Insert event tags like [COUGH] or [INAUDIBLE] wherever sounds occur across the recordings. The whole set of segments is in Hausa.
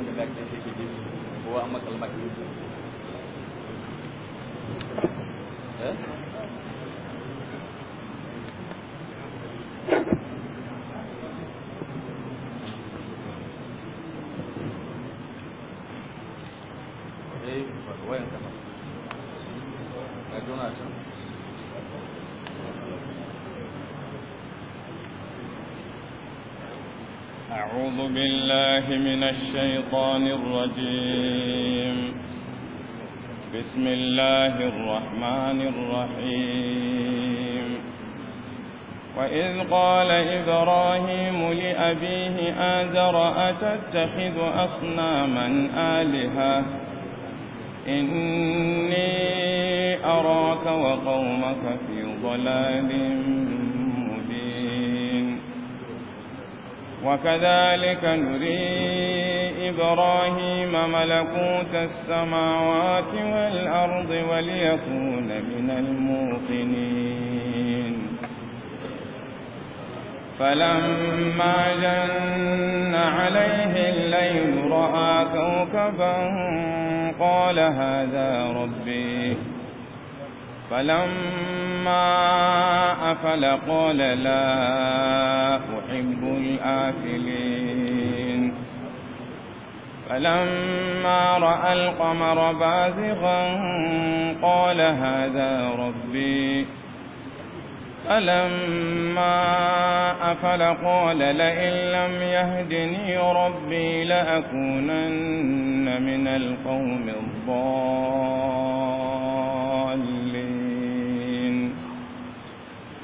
wanda za ka shake shi ko an masa بالله من الشيطان الرجيم بسم الله الرحمن الرحيم وإذ قال إبراهيم لأبيه آذر أتتخذ أصناما آلهة إني أراك وقومك في ضلال وكذلك نري إبراهيم ملكوت السماوات والأرض وليكون من الموقنين فلما جن عليه الليل رأى كوكبا قال هذا ربي فلما أفل قال لا الآكلين فلما رأى القمر بازغا قال هذا ربي فلما أفل قال لئن لم يهدني ربي لأكونن من القوم الضالين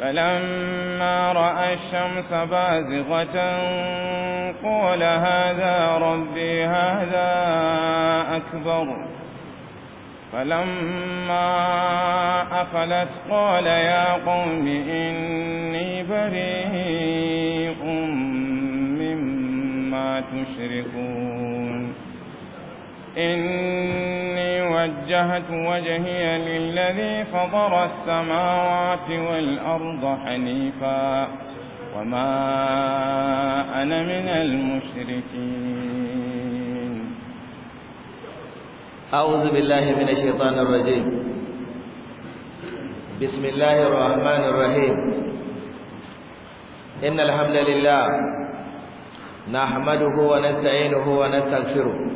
فلما رأى الشمس بازغة قال هذا ربي هذا أكبر فلما أفلت قال يا قوم إني بريء مما تشركون إني وجهت وجهي للذي فضر السماوات والأرض حنيفا وما أنا من المشركين أعوذ بالله من الشيطان الرجيم بسم الله الرحمن الرحيم إن الحمد لله نحمده ونستعينه ونستغفره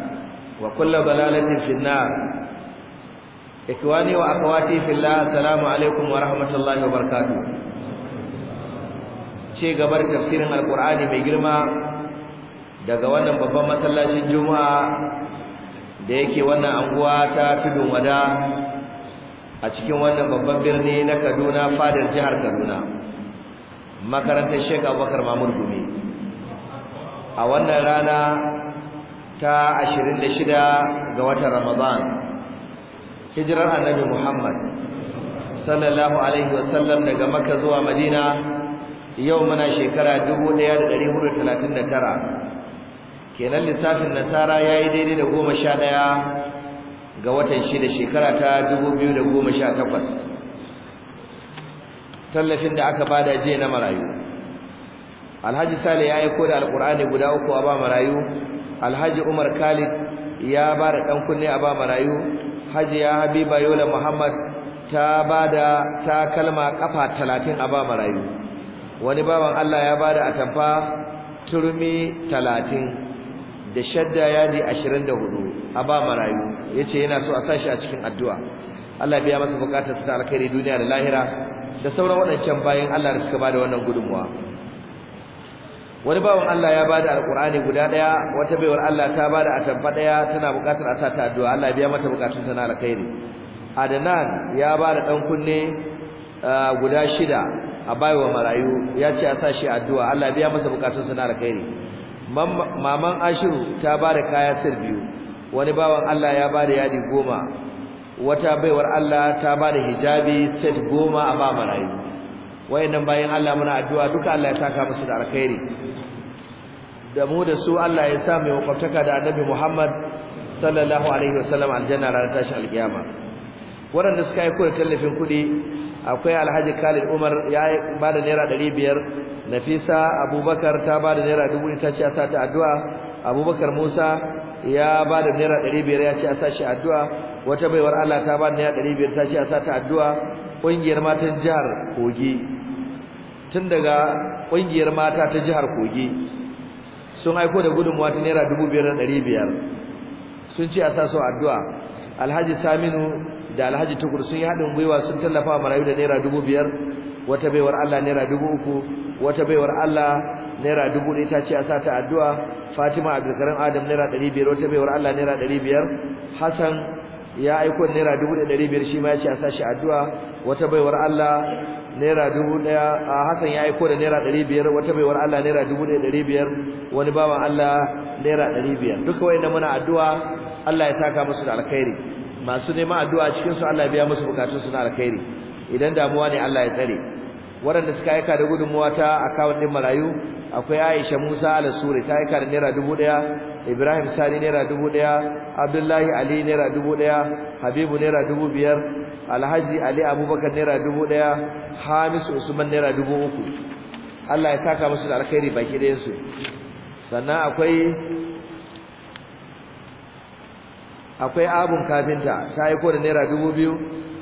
wa kullu balalatin finnar ikwani wa akhawati fillah assalamu alaikum wa rahmatullahi wa barakatuh gabar tafsirin alqur'ani mai girma daga wannan babban masallacin juma'a da yake wannan anguwa ta tudun wada a cikin wannan babban birni na Kaduna fadar jihar Kaduna makarantar Sheikh Abubakar Mamurdu ne a wannan rana ta 26 ga watan Ramadan hijirar annabi Muhammad sallallahu alaihi wa sallam daga Makka zuwa Madina yau muna shekara 1439 kenan lissafin nasara yayi daidai da 11 ga watan shi da shekara ta 2018 tallafin da aka bada je na marayu alhaji sale ya aika da alqur'ani guda uku a ba marayu alhaji umar khalid ya ba da ɗan kunne a ba marayu hajiya habiba yola muhammad ta ba da takalma kafa talatin a ba marayu wani baban allah ya ba da atamfa turmi talatin da shadda yadi ashirin da hudu a ba marayu ya ce yana so a sa shi a cikin addu'a allah biya masa bukatar ta alkhairi duniya da lahira da sauran waɗancan bayan allah da suka ba da wannan gudunmuwa wani bawan Allah ya bada alqur'ani guda daya wata baiwar Allah ta bada atamfa daya tana bukatar a sata addu'a Allah ya biya mata bukatun ta na alkhairi Adnan ya bada dan kunne guda shida a baiwa marayu ya ce a shi addu'a Allah ya biya masa bukatun sa na alkhairi maman Ashiru ta bada kaya sir biyu wani bawan Allah ya bada yadi goma wata baiwar Allah ta bada hijabi set goma a ba marayu wayannan bayan Allah muna addu'a duka Allah ya saka musu da alkhairi da mu da su Allah ya sa mai makwabtaka da annabi Muhammad sallallahu alaihi wasallam aljanna ta shi alkiyama waɗanda suka yi koyar tallafin kuɗi akwai alhaji khalid umar ya ba da naira ɗari biyar nafisa abubakar ta ba da naira dubu ta ce a sa ta addu'a abubakar musa ya ba da naira ɗari biyar ya ce a sa shi addu'a wata baiwar allah ta ba da naira ɗari biyar ta ce a sa ta addu'a ƙungiyar matan jihar kogi tun daga ƙungiyar mata ta jihar kogi sun aiko da gudunmuwa ta naira dubu biyar da ɗari biyar sun ce a sa su addu'a alhaji saminu da alhaji tukur sun yi haɗin gwiwa sun tallafa marayu da naira dubu biyar wata baiwar allah naira dubu uku wata baiwar allah naira dubu ɗaya ta ce a sa ta addu'a fatima abdulkarim adam naira ɗari biyar wata baiwar allah naira ɗari biyar hassan ya aiko naira dubu da ɗari biyar shi ma ya ce a sa shi addu'a wata baiwar allah naira dubu daya a hasan ya aiko da naira ɗari biyar wata baiwar Allah naira dubu ɗaya ɗari biyar wani bawan Allah naira ɗari biyar duka na muna addu'a Allah ya saka musu da alkhairi masu neman addu'a cikin su Allah biya musu bukatun su na alkhairi idan damuwa ne Allah ya tsare waɗanda suka aika da gudunmuwa ta akawun ɗin marayu akwai Aisha Musa al ta aika da naira dubu ɗaya Ibrahim Sani naira dubu ɗaya Abdullahi Ali naira dubu ɗaya Habibu naira dubu biyar Alhaji Ali Abubakar naira dubu ɗaya Hamisu Usman naira dubu uku Allah ya saka musu da alkhairi baki ɗayansu sannan akwai akwai abun kafinta ta aiko da naira dubu biyu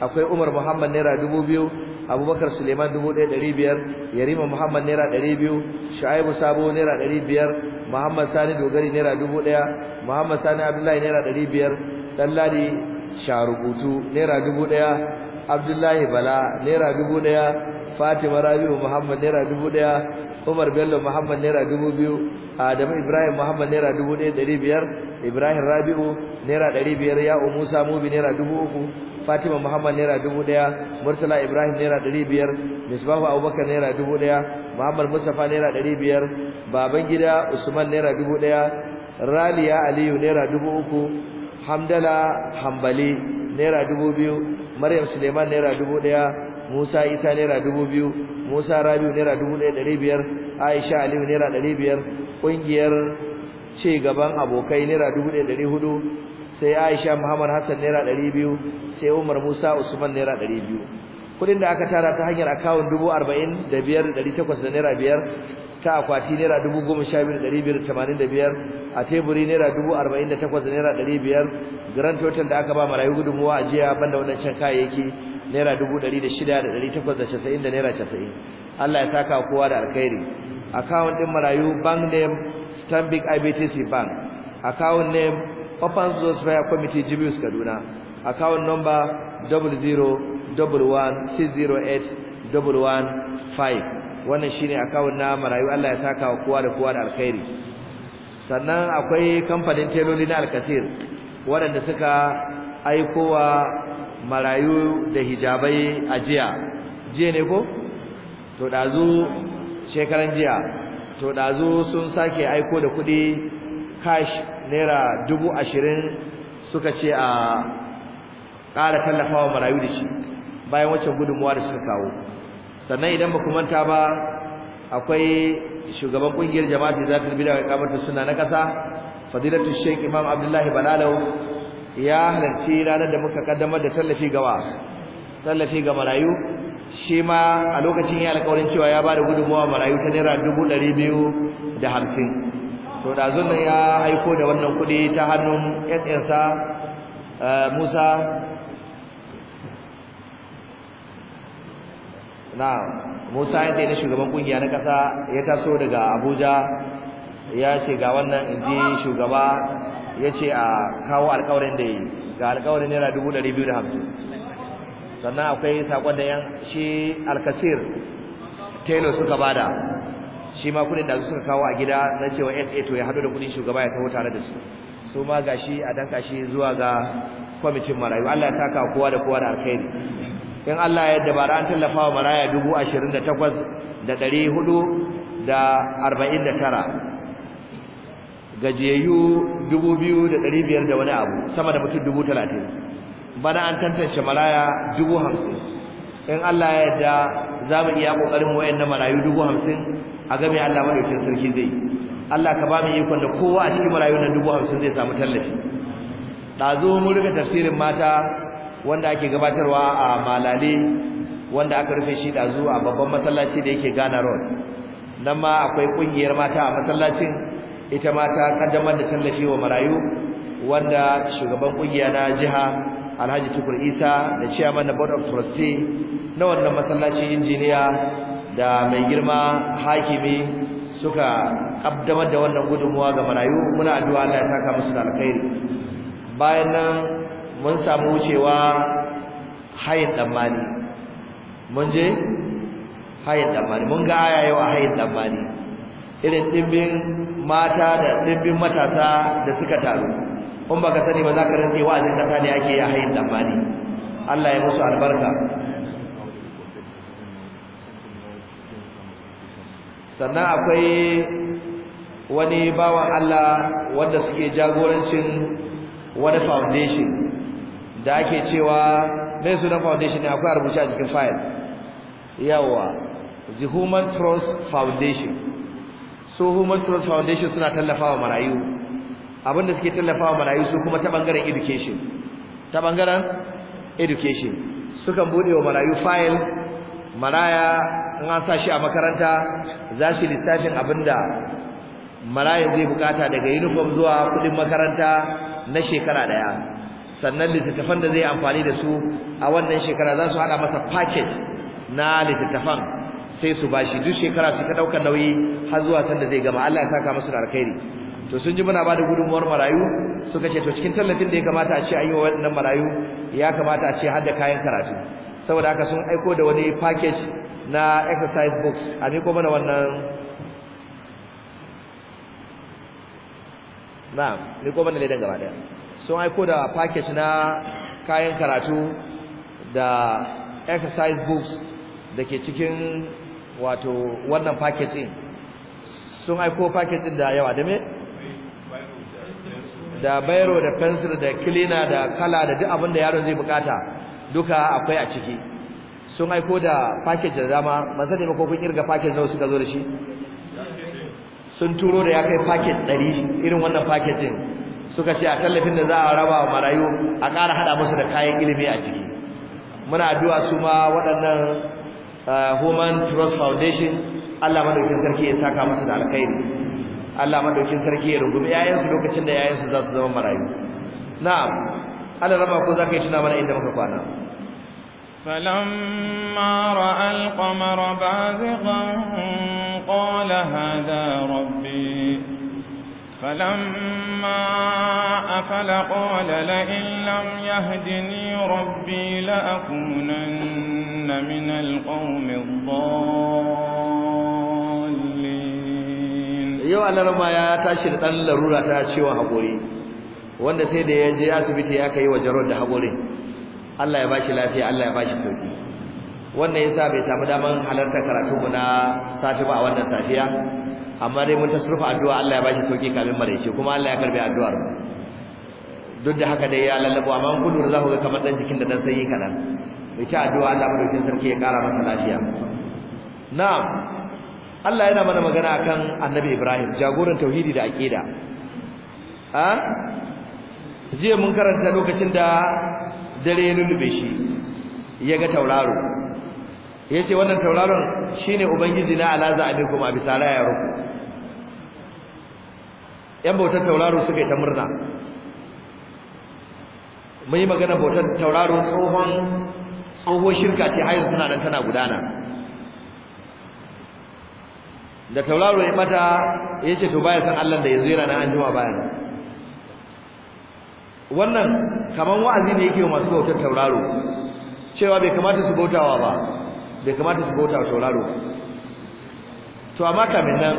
akwai Umar Muhammad naira dubu biyu abubakar suleiman dubu ɗaya ɗari biyar yarima muhammad naira ɗari biyu shu'aibu sabo naira ɗari biyar muhammad sani dogari naira dubu ɗaya muhammad sani abdullahi naira ɗari biyar ɗanladi sharubutu naira dubu ɗaya abdullahi bala naira dubu ɗaya fatima rabiu muhammad naira dubu ɗaya umar bello muhammad naira dubu biyu adamu ibrahim muhammad naira dubu ɗaya ɗari biyar ibrahim rabiu naira ɗari biyar ya'u musa mubi naira dubu uku Fatima Muhammad naira dubu ɗaya Murtala Ibrahim naira ɗari biyar Misbahu Abubakar naira dubu ɗaya Muhammad Mustapha naira ɗari biyar Babangida Usman naira dubu ɗaya Raliya Aliyu naira dubu uku Hamdala Hambali naira dubu biyu Maryam Suleiman naira dubu ɗaya Musa Isa naira dubu biyu Musa Rabiu naira dubu ɗaya ɗari biyar Aisha Aliyu naira ɗari biyar ƙungiyar ci gaban abokai naira dubu ɗaya ɗari hudu sai Aisha Muhammad Hassan naira 200 sai Umar Musa Usman naira 200 kudin da aka tara ta hanyar account 45800 da naira 5 ta akwati naira biyar a teburi naira arba'in da naira 500 grand total da aka ba marayu gudunmuwa a jiya banda wannan can kayayyaki naira ɗari da shida da naira 90 Allah ya saka kowa da alkhairi account din marayu bank name Stanbic IBTC bank account name Orphans Fire Committee Jibius Kaduna account number 0011608115 wannan shine account na marayu Allah ya saka wa kowa da kowa da alkhairi sannan akwai kamfanin teloli na Alkasir waɗanda suka aikowa marayu da hijabai a jiya jiya ne ko to dazu shekaran jiya to dazu sun sake aiko da kuɗi Kash naira dubu ashirin suka ce a ƙara tallafawa marayu da shi bayan wacce gudunmuwa da suka kawo sannan idan ba manta ba akwai shugaban ƙungiyar jama'a jama'ati zatul bid'a wa suna suna na ƙasa fadilatu sheikh imam abdullahi balalau ya halarci ranar da muka kaddamar da tallafi gawa tallafi ga marayu shi ma a lokacin ya alƙawarin cewa ya ba da gudunmuwa marayu ta naira dubu ɗari biyu da hamsin to da nan ya haiko da wannan kudi ta hannun SS eh, Musa na Musa ya na shugaban kungiya na kasa ya taso daga Abuja ya ce ga wannan inji shugaba ya ce a kawo alƙawarin da yi ga alƙawarin naira 250 sannan akwai sakon da yan shi alkasir taylor suka bada shi ma kudin da suka kawo a gida na cewa SA to ya hado da kudin shugaba ya taho tare da su su ma gashi a danka shi zuwa ga kwamitin marayu Allah ya taka kowa da kowa da alkhairi in Allah ya yarda bara an tallafa wa maraya tara. gajiyayyu 2500 da wani abu sama da mutum 30 bana an tantance maraya 50 in Allah ya yarda zamu iya kokarin wayannan marayu dubu a game Allah madaukakin sarki zai Allah ka ba mu ikon da kowa a cikin marayu na dubu zai samu tallafi ɗazu mu rufe tafsirin mata wanda ake gabatarwa a malale wanda aka rufe shi ɗazu a babban masallaci da yake Ghana Road nan ma akwai ƙungiyar mata a masallacin ita mata ƙaddamar kaddamar da tallafi wa marayu wanda shugaban ƙungiya na jiha Alhaji Tukur Isa da chairman na board of trustee na wannan masallaci injiniya da mai girma hakimi suka kaddamar da wannan gudunmuwa ga marayu muna addu'a Allah ya saka musu da alkhairi bayan nan mun samu wucewa hayin damani mun je hayin damani mun ga ayayewa hayin damani irin dimbin mata da dimbin matasa da suka taru kun baka sani ba za ka rantse wa'azin kasa ne ake ya a hayin tsammani Allah ya musu albarka sannan akwai wani bawan Allah wanda suke jagorancin wani foundation da ake cewa mai sunan foundation ne akwai rubuce a cikin file yawa the human trust foundation so human trust foundation suna tallafawa marayu Abun da suke tallafawa marayu su kuma ta bangaren education ta bangaren education sukan bude wa marayu file maraya in an sa a makaranta za su lissafin abinda maraya zai bukata daga uniform zuwa kudin makaranta na shekara daya sannan littattafan da zai amfani da su a wannan shekara za su hada masa package na littattafan sai su bashi duk shekara su ta daukar nauyi har zuwa sanda zai gama Allah ya saka musu da alkhairi to sun ji muna bada gudunmuwar marayu suka ce to cikin tallafin da ya kamata a ce an yi wa waɗannan marayu ya kamata a ce har da kayan karatu saboda haka sun aiko da wani package na exercise books a miko mana wannan na miko mana laidan gaba daya sun aiko da package na kayan karatu da exercise books da ke cikin wato wannan package ɗin sun aiko package ɗin da yawa da me da bairo da pencil da cleaner da kala da duk abin da yaron zai bukata duka akwai a ciki sun aiko da package da dama ban sani ba ko kun kirga package nawa suka zo da shi sun turo da ya kai package 100 irin wannan package din suka ce a tallafin da za a raba wa marayu a ƙara hada musu da kayan ilimi a ciki muna addu'a su ma waɗannan eh, Human Trust Foundation Allah madaukakin sarki ya saka musu da alkhairi Allah madaukin sarki ya yayin su lokacin da yayin su za su zama marayu na'am Allah raba ko zaka yi tuna mana inda muka kwana qala hadha rabbi falamma afala qala la in lam yahdini rabbi la akunanna min al-qawmi القوم الضالين yau alarma ya tashi da ɗan larura ta ciwon hakori, wanda sai da ya je asibiti aka yi wa jarar da haƙorin Allah ya bashi lafiya Allah ya bashi sauki wannan yasa bai samu daman halarta karatu mu na safi ba a wannan safiya amma dai mun tasrufa addu'a Allah ya bashi sauki kafin maraice kuma Allah ya karbi addu'ar duk da haka dai ya lallabo amma kun lura za ku ga kamar dan jikin da dan sanyi kadan mu ci addu'a Allah madaukin sarki ya kara masa lafiya na'am Allah yana mana magana akan Annabi Ibrahim jagoran tauhidi da aqida a jiya mun karanta lokacin da dare ya lullube shi ya ga tauraro yace wannan tauraron shine ubangiji na alaza alaikum abi sala ya ruku yan bautar tauraro suka yi ta murna mun yi magana bautar tauraro tsohon tsohon shirka ce har yanzu tana nan tana gudana da tauraro ya ya yace to baya san Allah da yanzu yana nan anjima baya nan wannan kaman wa'azi ne yake masu bautar tauraro cewa bai kamata su bautawa ba bai kamata su bautawa tauraro to amma kamin nan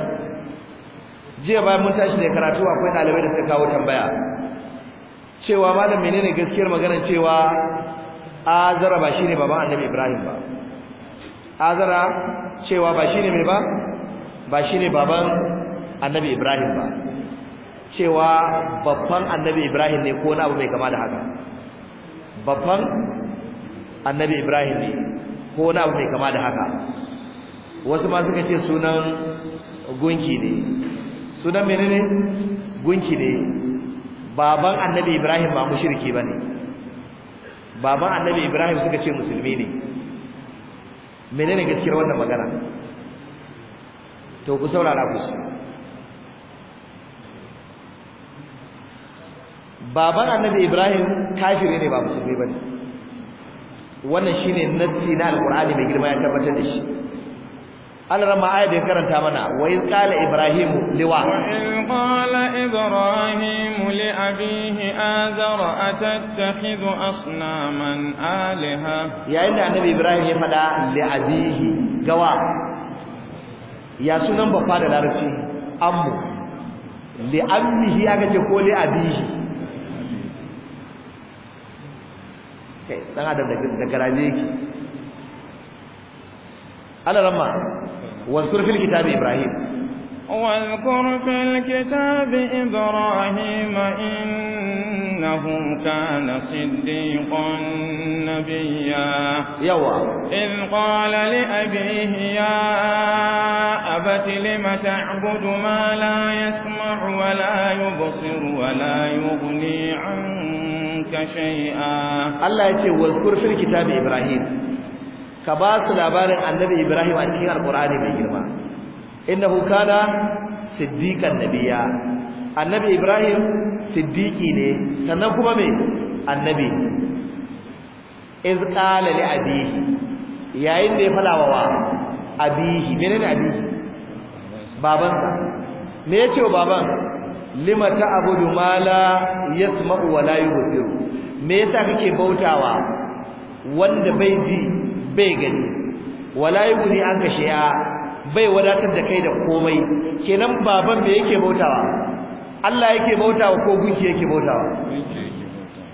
jiya bayan mun tashi ne karatu akwai dalibai da suka kawo tambaya cewa malam menene gaskiyar magana cewa azara ba shine baban annabi Ibrahim ba azara cewa ba shine mai ba ba shine baban annabi Ibrahim ba cewa babban annabi Ibrahim ne ko wani abu mai kama da haka babban annabi Ibrahim ne ko wani abu mai kama da haka wasu ma suka ce sunan gunki ne sunan menene gunki ne baban annabi Ibrahim ba mushriki ne. baban annabi Ibrahim suka ce musulmi ne menene gaskiyar wannan magana to ku saurara ku baban annabi ibrahim kafiri ne ba musulmi bane wannan shine nassi na alqur'ani mai girma ya tabbatar da shi An rama aya da karanta mana wa iz qala ibrahim liwa wa iz qala ibrahim li abihi azara atattakhidhu asnaman alaha yayin da annabi ibrahim ya fada li abihi gawa ya sunan babba da larabci ammu li ammihi aka ce ko li abihi kai dan adam da garaje yake Allah ramma wazkur fil kitabi ibrahim wazkur fil kitabi ibrahim إنه كان صديقا نبيا In إذ قال لأبيه يا أبت لم تعبد ما لا يسمع ولا يبصر ولا يغني عنك شيئا الله يتي واذكر في الكتاب إبراهيم كباس لابار النبي إبراهيم أتيه القرآن بإجرما إنه كان صديق النبي النبي إبراهيم صديقي لي سنكم من النبي إذ قال لأبيه yayin da ya falawa wa abihi menene abihi babansa me yace wa baban limata abudu mala yasma'u wa la yubsiru me yasa kake bautawa wanda bai ji bai gani wala yubni an kashe ya bai wadatar da kai da komai kenan baban me yake bautawa Allah yake bautawa ko gunki yake bautawa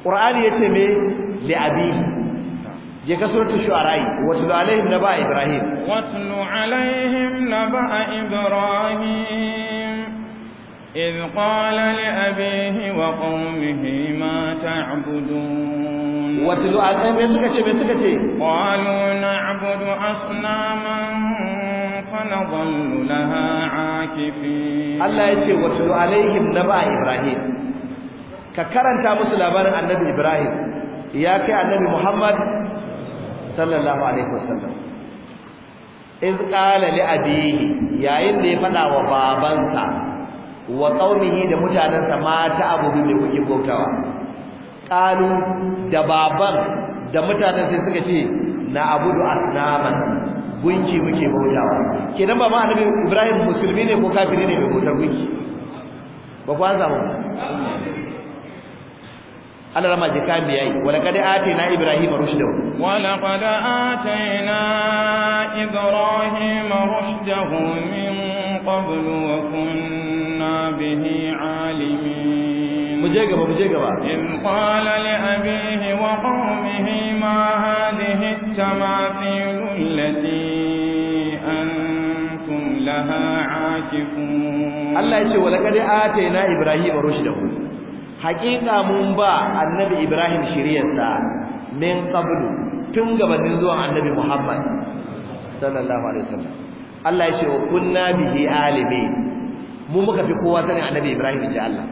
Qur'ani yace me li abihi je ka suratul shu'ara wa tulu alaihim naba ibrahim wa tulu alaihim naba ibrahim إذ قال لأبيه وقومه ما تعبدون وتلو أسلم يسكتي بيسكتي قالوا نعبد أصناما فنظل لها عاكفين الله يتي وتلو عليهم نبأ Ibrahim, ka karanta musu labarin annabi Ibrahim ya kai annabi Muhammad sallallahu alaihi wasallam iz qala li abihi yayin da ya fada wa babansa wa qaumihi da mutanansa mata ta abu da kuke bautawa qalu da baban da mutanen sai suka ce na abudu asnaman gunki muke bautawa kenan ba ma annabi Ibrahim musulmi ne ko kafiri ne mai bautar gunki ba ku an samu Allah rama jika biyai wala kada atina ibrahim rushdahu wala kada atina ibrahim rushdahu min qabl wa kunna bihi alimin muje gaba muje gaba in qala li abihi wa qawmihi ma hadhihi at-tamathil allati antum laha aakifun Allah yace wala kada atina ibrahim rushdahu haƙiƙa mun ba annabi Ibrahim shiriyarsa min qablu tun gabanin zuwan annabi Muhammad sallallahu alaihi wasallam Allah ya ce wa kunna bihi alimi mu muka fi kowa sanin annabi Ibrahim ji Allah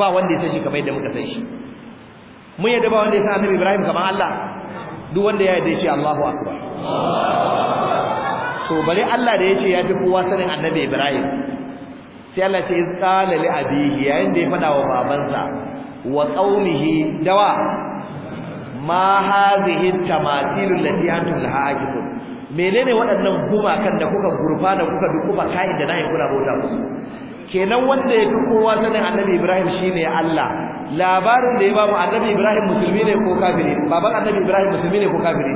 ba wanda ya san shi kamar yadda muka san shi mun yadda ba wanda ya san annabi Ibrahim kamar Allah duk wanda ya yadda shi Allahu akbar to bari Allah da ce ya fi kowa sanin annabi Ibrahim sai Allah ce izqala li abihi yayin da ya fada wa babansa wa qaumihi dawa ma hadhihi tamatilu lati antum laha akifun menene waɗannan kan da kuka gurfa da kuka dukuba kai da nayi kula bauta musu kenan wanda ya kowa sanin annabi Ibrahim shine Allah labarin da ya ba mu annabi Ibrahim musulmi ne ko kafiri baban annabi Ibrahim musulmi ne ko kafiri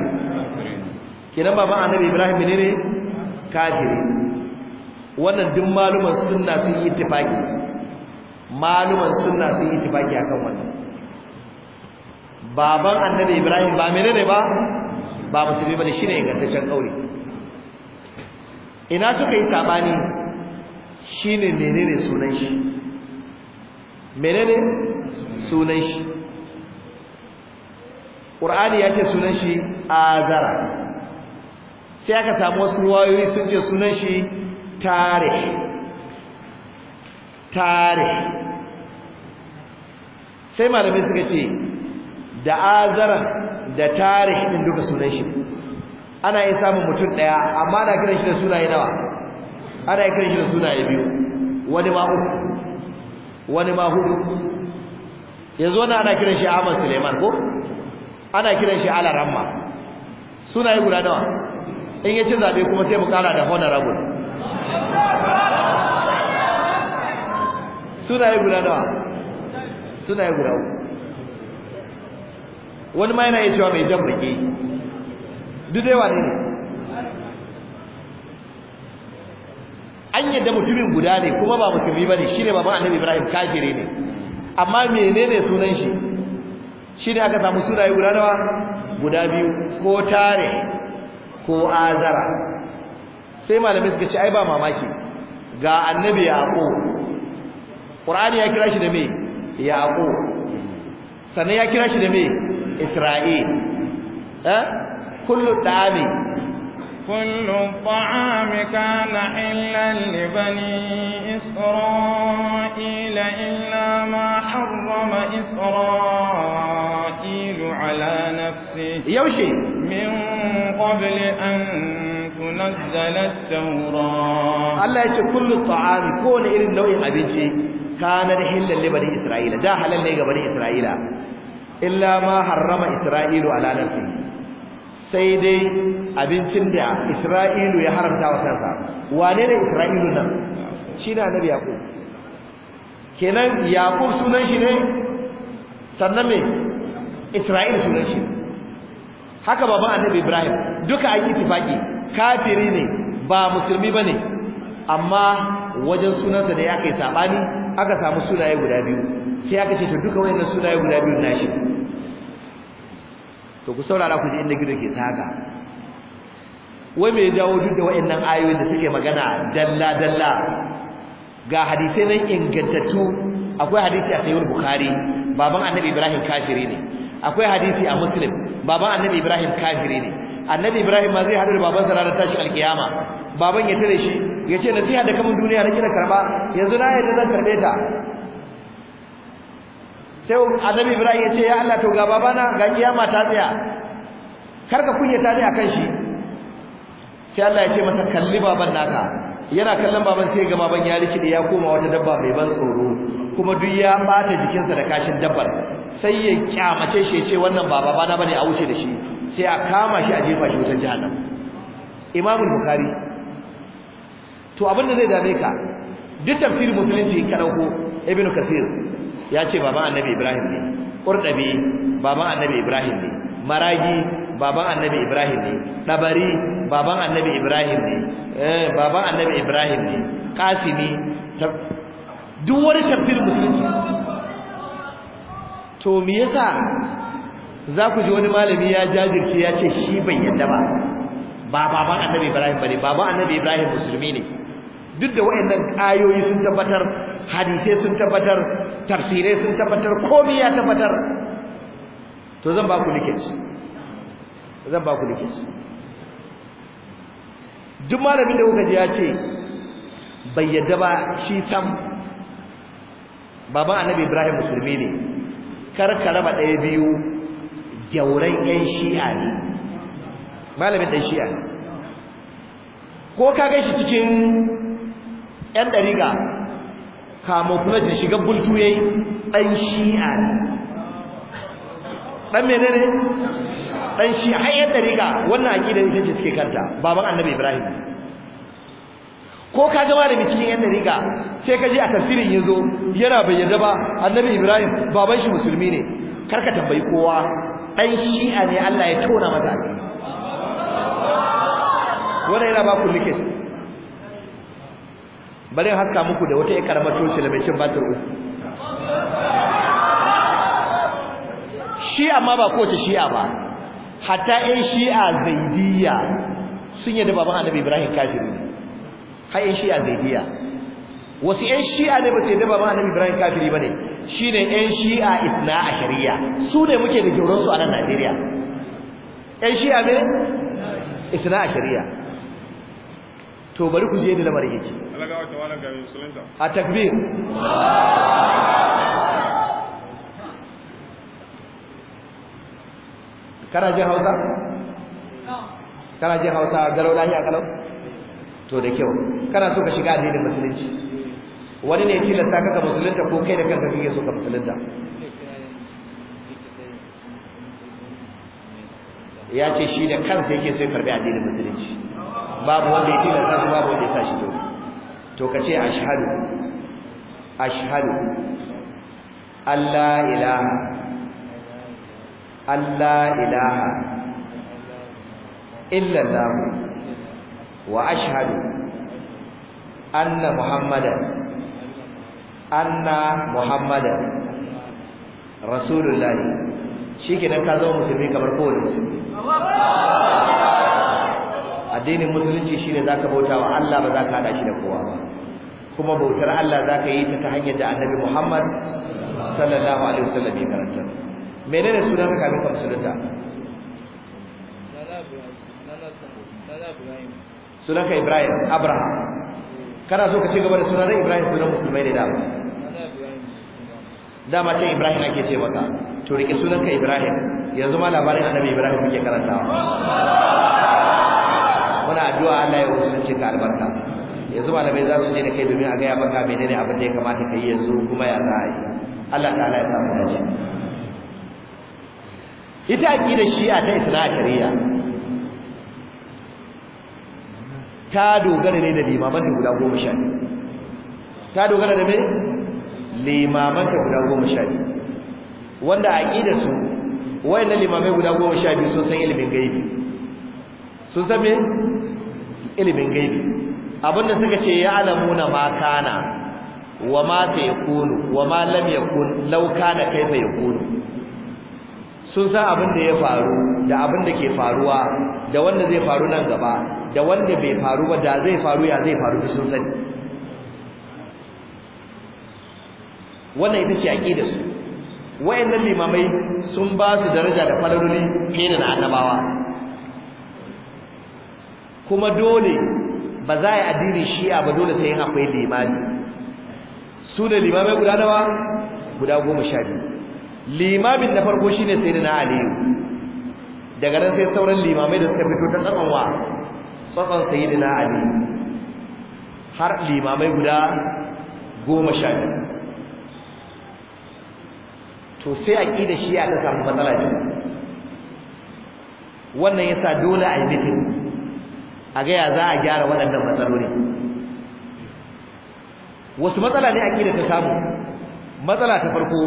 kenan baban annabi Ibrahim ne kafiri wannan duk maluman sunna sun yi ittifaki maluman sunna sun yi ittifaki akan wannan baban annabi ibrahim ba menene ba ba musulmi bane shine ingantaccen kauri ina suka yi sabani shine menene sunan shi menene sunan shi qur'ani yake sunan shi azara sai aka samu wasu ruwayoyi sun ce sunan shi tarih tarih sai malamai suka ce da azara da tarih din duka sunan shi ana yin samun mutum daya amma ana kiran shi da sunaye nawa ana yin kiran shi da sunaye biyu wani ma uku wani ma hudu yanzu wannan ana kiran shi Ahmad Suleiman ko ana kiran shi Alaramma sunaye guda nawa in yi cin zabe kuma sai mu kara da honorable sunaye guda nawa sunaye guda wani ma yana yi cewa mai jan baki duk da yawa ne an yadda mutumin guda ne kuma ba mutumi ba ne shi ne babban annabi ibrahim kafire ne amma menene sunan shi shi ne aka samu sunaye guda nawa guda biyu ko tare ko azara sai malamai suka ce ai ba mamaki ga annabi yaqo qur'ani ya kira shi da me yaqo sannan ya kira shi da me isra'il eh kullu ta'ami كل الطعام كان حلا لبني إسرائيل إلا ما حرم إسرائيل على نفسه يوشي من قبل أن نزل التوراة الله يقول كل الطعام كون إلى نوع أبنشي كان حلا لبني إسرائيل دا حلال بني إسرائيل إلا ما حرم إسرائيل على نفسه سيدي أبنشن شندع إسرائيل يحرم تا وكذا وانين إسرائيل نم شنا نبي يقول kenan يقول سنشنه سنمي إسرائيل سنشنه haka baban annabi ibrahim duka an tifaki kafiri ne ba musulmi bane amma wajen sunansa da ya kai sabani aka samu sunaye guda biyu sai aka ce to duka wayannan sunaye guda biyu nashi to ku saurara ku ji inda gido ke taka wai me dawo duk da wayannan ayoyin da suke magana dalla dalla ga hadisai nan ingantattu akwai hadisi a sayyid bukhari baban annabi ibrahim kafiri ne akwai hadisi a muslim baban annabi ibrahim kafiri ne annabi ibrahim ma zai hadu da babansa ranar tashi alkiyama baban ya tare shi ya ce nasiha da kamun duniya na kira karba yanzu na yadda zan karbe ta sai annabi ibrahim ya ce ya allah to ga babana ga kiyama ta tsaya Kar karka kunyata ne kan shi sai allah ya ce masa kalli baban naka yana kallon baban sai ga baban ya rikide ya koma wata dabba mai ban tsoro kuma duk ya bata jikinsa da kashin dabbar sai ya kyamace shi ce wannan ba baba bane a wuce da shi sai a kama shi a jefa shi wutar jahannam Imam Bukhari to abin da zai dame ka duk tafsirin musulunci ka dauko Ibn Kathir ya ce baban Annabi Ibrahim ne Qurtubi baban Annabi Ibrahim ne Maragi baban Annabi Ibrahim ne Dabari baban Annabi Ibrahim ne eh baban Annabi Ibrahim ne Qasimi duk wani tafsirin musulunci to me yasa za ku ji wani malami ya jajirce ya ce shi bai yadda ba ba baban annabi ibrahim bane baban annabi ibrahim musulmi ne duk da wayannan ayoyi sun tabbatar hadisai sun tabbatar tafsirai sun tabbatar komai ya tabbatar to zan ba ku likeci zan ba ku likeci duk malamin da kuka ji ya ce bai yadda ba shi sam baban annabi ibrahim musulmi ne kar ka raba ɗaya biyu gyauran yan shi'a ne malamin ɗan shi'a ne ko ka gan shi cikin yan ɗariƙa kamuflaj da shiga bultu ya yi ɗan shi'a ne ɗan mene ne ɗan shi'a har yan ɗariƙa wannan aƙidar ita ce suke kanta baban annabi ibrahim ko ka ga malami cikin yan riga, sai ka je a tafsirin yazo yana bai ba annabi ibrahim baban shi musulmi ne kar ka tambayi kowa dan shi'a ne Allah ya tona maza ne. wannan yana ba ku likes bare haska muku da wata ƙaramar toci da mai cin batir shi'a ma ba kowace shi'a ba hatta 'yan shi'a zaidiyya sun yadda baban annabi ibrahim kafiri ne har yan shi'a zaidiya wasu yan shi'a ne ba su yadda ba annabi ibrahim kafiri bane shine yan shi'a isna a shari'a su ne muke da gauran su a nan najeriya yan shi'a ne isna a shari'a to bari ku je da lamarin yake a takbir kana jin hausa kana jin hausa garau lahiya kalau to da kyau kana so ka shiga addinin musulunci wani ne tilasta kaka musulunta ko kai da kanka kike so ka musulunta ya ce shi da kansa yake so ya karbi addinin musulunci babu wanda ya tilasta shi babu wanda ya sa shi dole to ka ce ashhadu ashhadu Allah ilaha Allah ilaha illallah wa ashhadu anna muhammadan anna muhammadan rasulullahi shikenan ka zama musulmi kamar kowane musulmi addinin musulunci shine zaka bauta wa Allah ba zaka hada shi da kowa ba kuma bautar Allah zaka yi ta ta hanyar da Annabi Muhammad sallallahu alaihi wasallam ya karanta menene sunan ka kafin ka musulunta Lala Ibrahim Lala Ibrahim sunanka Ibrahim Abraham kana so ka ci gaba da sunan Ibrahim sunan musulmai ne dama dama ce Ibrahim ake ce maka to rike sunanka Ibrahim yanzu ma labarin annabi Ibrahim muke karantawa muna addu'a Allah ya wuce ka albarka yanzu malamai za su je da kai domin a gaya maka menene abin da ya kamata ka yi yanzu kuma ya za a yi Allah ta ya samu dace ita aqidar shi'a ta isna'ariya ta dogara ne da limaman ta guda goma sha biyu ta dogara da mai limaman ta guda goma sha biyu wanda da su wayannan limamai guda goma sha biyu sun san ilimin gaibi sun san me ilimin gaibi abinda suka ce ya na ma kana wa ma kunu wa ma lam na kai ta kaifa kunu sun san abin da ya faru da abin da ke faruwa da wanda zai faru nan gaba da wanda bai faru ba da zai faru ya zai faru sun sani wannan ita ce da su wayannan limamai sun ba su daraja da falaloli fiye annabawa kuma dole ba za a yi addini shi'a ba dole sai akwai limani. su da limamai guda nawa guda goma sha biyu limamin na farko shine sayyidina ali daga nan sai sauran limamai da suka fito ta tsatsanwa tsatsan sayyidina ali har limamai guda goma sha to sai aqida shi ya ta samu matsala ne, wannan yasa dole a yi mitin a ga ya za a gyara waɗannan matsaloli wasu matsala ne aqida ta samu matsala ta farko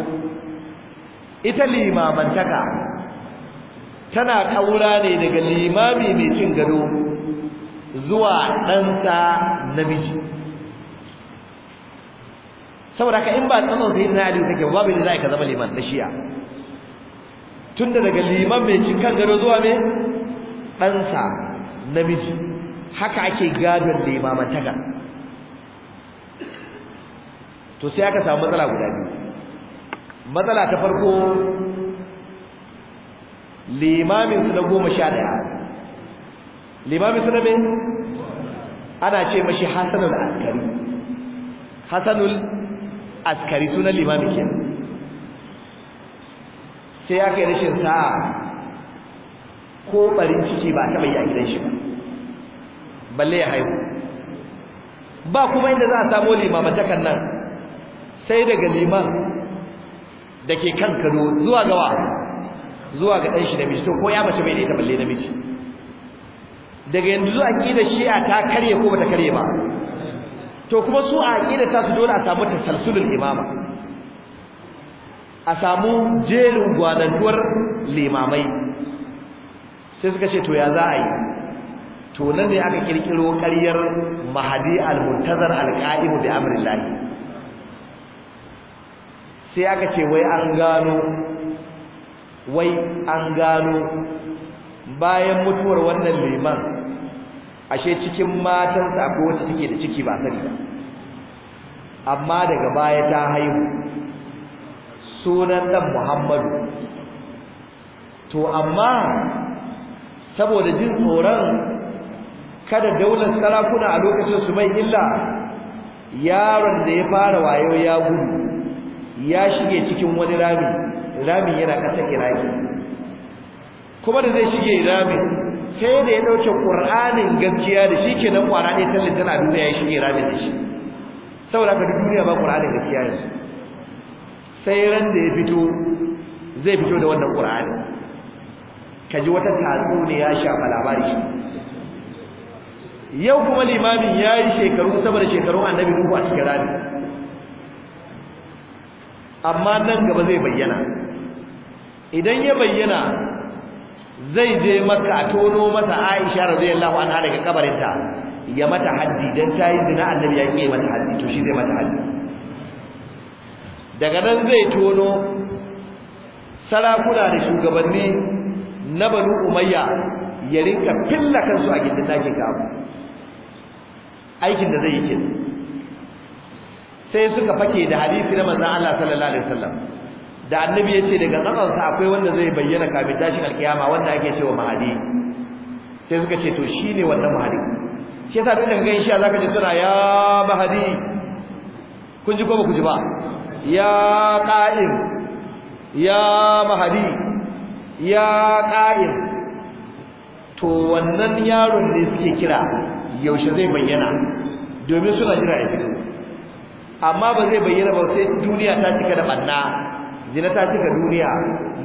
ita limamantaka tana kaura ne daga limami mai cin gado zuwa ɗansa namiji saboda ka in ba tsanon sai na ali take babu ne zai ka zama liman na shiya tunda daga liman mai cin kan gado zuwa mai ɗansa namiji haka ake gadon limamantaka to sai aka samu matsala guda biyu matsala ta farko limamin su na goma sha ɗaya limamin su na min ana ce mashi hasanul askari hasanul askari sunan limamin ke sai ya kai rashin sa'a ko barin ciki ba ta yi a gidan shi ba balle ya haihu ba kuma inda za a samo limamatakan nan sai daga liman da ke kan kano zuwa gawa zuwa ga dan shi namiji to ko ya mace bai da ita balle namiji daga yanzu aqidar shi'a ta karye ko bata karye ba to kuma su a aqidar ta su dole a samu tasalsulul imama a samu jerin gwadantuwar limamai sai suka ce to ya za a yi to nan ne aka kirkiro ƙaryar mahadi al-muntazar al da bi amrillahi sai aka ce wai an gano wai an gano bayan mutuwar wannan liman ashe cikin matansa akwai wacce take da ciki ba sani ba amma daga baya ta haihu sunan dan Muhammadu to amma saboda jin tsoron kada daular sarakuna a lokacin su mai illa yaron da ya fara wayo ya gudu ya shige cikin wani rami ramin yana ƙasa iraki kuma da zai shige ramin sai da ya ɗauke ƙur'anin gaskiya da shi kenan ƙwara ɗaya Talle tana duniya ya shige ramin da shi saboda ka duniya ba ƙur'anin gaskiya ne sai ran da ya fito zai fito da wannan ƙur'ani ka ji wata tatsuniya shafa labari shi yau kuma limamin ya yi shekaru saboda shekaru annabi Nuhu a cikin rami amma nan gaba zai bayyana idan ya bayyana zai je maka a tono masa Aisha radiyallahu anha daga kabarinta ya mata haddi dan yi zina annabi ya yi mata haddi to shi zai mata haddi daga nan zai tono sarakuna da shugabanni na Banu Umayya ya rinka fillakan kansu a gidan dakin ka aikin da zai yi kenan sai suka fake da hadisi na manzon Allah sallallahu alaihi wasallam da annabi yace daga tsakansa akwai wanda zai bayyana kafin tashin alkiyama wanda ake cewa mahadi sai suka ce to shine wannan mahadi shi yasa duk daga insha zaka ji suna ya mahadi kun ji ko ba ku ji ba ya qa'im ya mahadi ya qa'im to wannan yaron ne suke kira yaushe zai bayyana domin suna jira ya fito amma ba zai bayyana ba sai duniya ta cika da banna zina ta cika duniya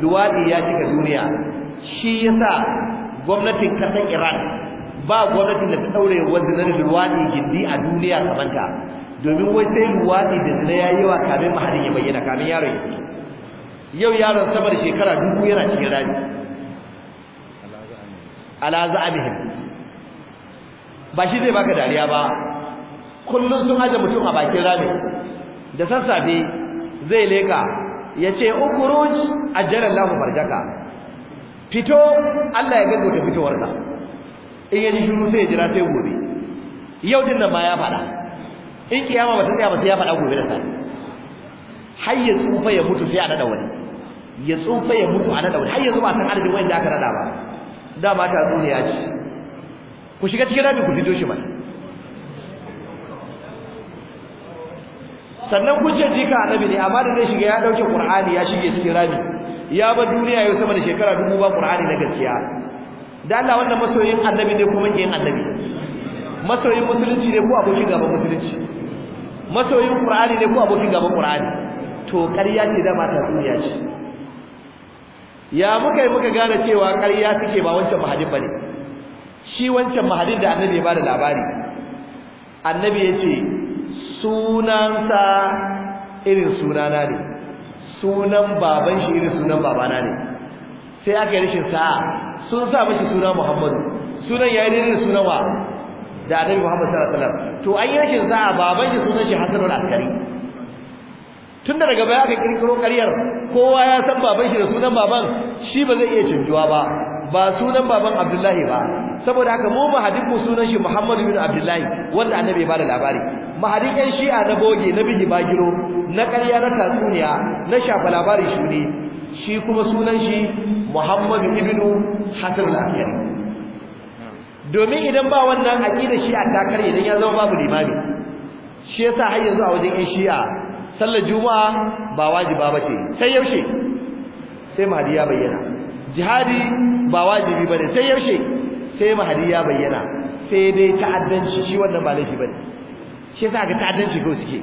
luwadi ya cika duniya shi yasa gwamnatin kasar Iran ba gwamnatin da ta daure wannan zinar luwadi gindi a duniya kamar ta domin wai sai luwadi da zina yayi wa kamin mahadin ya bayyana kamin yaro ya yau yaron sama da shekara dubu yana cikin rami ala za'abihim ba shi zai baka dariya ba kullum sun haja mutum a bakin rami da sassafe zai leka ya ce ukuruj ajjala Allah farjaka fito Allah ya gaggauta fitowarka in yaji shiru sai ya jira sai gobe yau din nan ma ya faɗa in kiyama ba ta tsaya ba sai ya faɗa gobe da safe har ya tsufa ya mutu sai a nada wani ya tsufa ya mutu a nada wani har yanzu ba san adadin wanda aka nada ba Da ba ta ya ci. ku shiga cikin rami ku fito shi mana sannan kun ce jika annabi ne amma da zai shiga ya dauke qur'ani ya shige cikin rami ya ba duniya yau sama da shekara dubu ba qur'ani na gaskiya da Allah wannan masoyin annabi ne kuma yin annabi masoyin musulunci ne ko abokin gaban musulunci masoyin qur'ani ne ko abokin gaban qur'ani to ƙarya ce da mata duniya ce ya muka yi muka gane cewa ƙarya take ba wancan mahadin bane shi wancan mahadin da annabi ya bada labari annabi ya ce sunansa irin sunana ne sunan baban shi irin sunan babana ne sai aka yi rashin sa'a sun sa mashi suna Muhammadu sunan ya ne irin sunan wa da Annabi Muhammadu sallallahu alaihi wasallam to an yi rashin sa'a baban shi sunan shi Hassan al-Askari tun da daga baya aka kirkiro ƙaryar kowa ya san baban shi da sunan baban shi ba zai iya cinjuwa ba ba sunan baban Abdullahi ba saboda haka mu ba hadin mu sunan shi Muhammadu bin Abdullahi wanda Annabi ya bada labari mahadin yan shi'a na boge na bigi bagiro na ƙarya na tatsuniya na shafa labarin shi ne shi kuma sunan shi muhammadu Ibinu hasan lafiyar domin idan ba wannan aqida shi'a ta karye idan ya zama babu limami shi yasa har yanzu a wajen yan shi'a sallar juma'a ba wajiba bace sai yaushe sai mahadi ya bayyana jihadi ba wajibi bane sai yaushe sai mahadi ya bayyana sai dai ta'addanci shi wannan ba laifi bane shi yasa ga shi ko suke